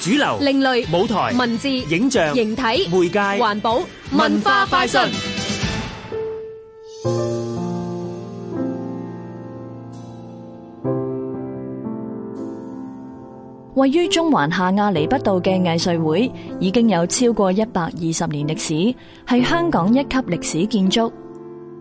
主流、另類舞台、文字、影像、形體、媒介、環保、文化快訊。位於中環下亞厘畢道嘅藝穗會已經有超過一百二十年歷史，係香港一級歷史建築。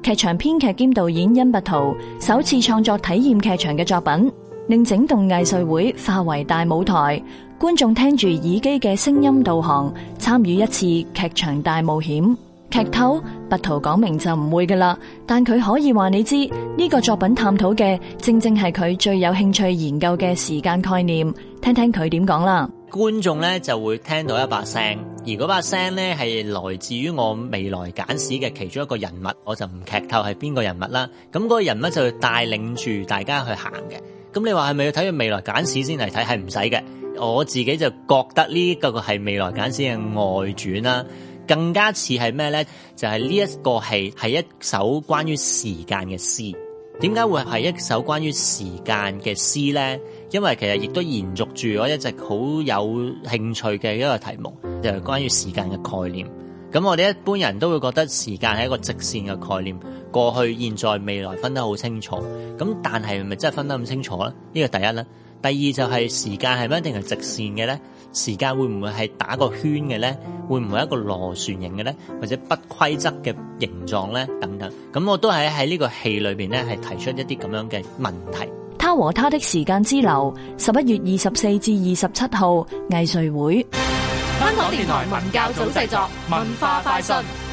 劇場編劇兼導演殷百圖首次創作體驗劇場嘅作品，令整棟藝穗會化為大舞台。觀眾聽住耳機嘅聲音導航，參與一次劇場大冒險。劇透不圖講明就唔會噶啦，但佢可以話你知呢、這個作品探討嘅，正正係佢最有興趣研究嘅時間概念。聽聽佢點講啦。觀眾咧就會聽到一把聲，而嗰把聲咧係來自於我未來簡史嘅其中一個人物，我就唔劇透係邊個人物啦。咁、那、嗰個人物就會帶領住大家去行嘅。咁你話係咪要睇佢未來簡史先嚟睇？係唔使嘅。我自己就覺得呢個係未來簡史嘅外傳啦，啊，更加似係咩呢？就係呢一個係一首關於時間嘅詩。點解會係一首關於時間嘅詩呢？因為其實亦都延續住我一直好有興趣嘅一個題目，就係、是、關於時間嘅概念。咁我哋一般人都會覺得時間係一個直線嘅概念。過去、現在、未來分得好清楚，咁但係咪真係分得咁清楚咧？呢個第一咧，第二就係時間係唔一定係直線嘅咧，時間會唔會係打個圈嘅咧？會唔會一個螺旋形嘅咧，或者不規則嘅形狀咧等等？咁我都係喺呢個戲裏邊咧，係提出一啲咁樣嘅問題。他和他的時間之流，十一月二十四至二十七號藝穗會，香港電台文教組製作文化快訊。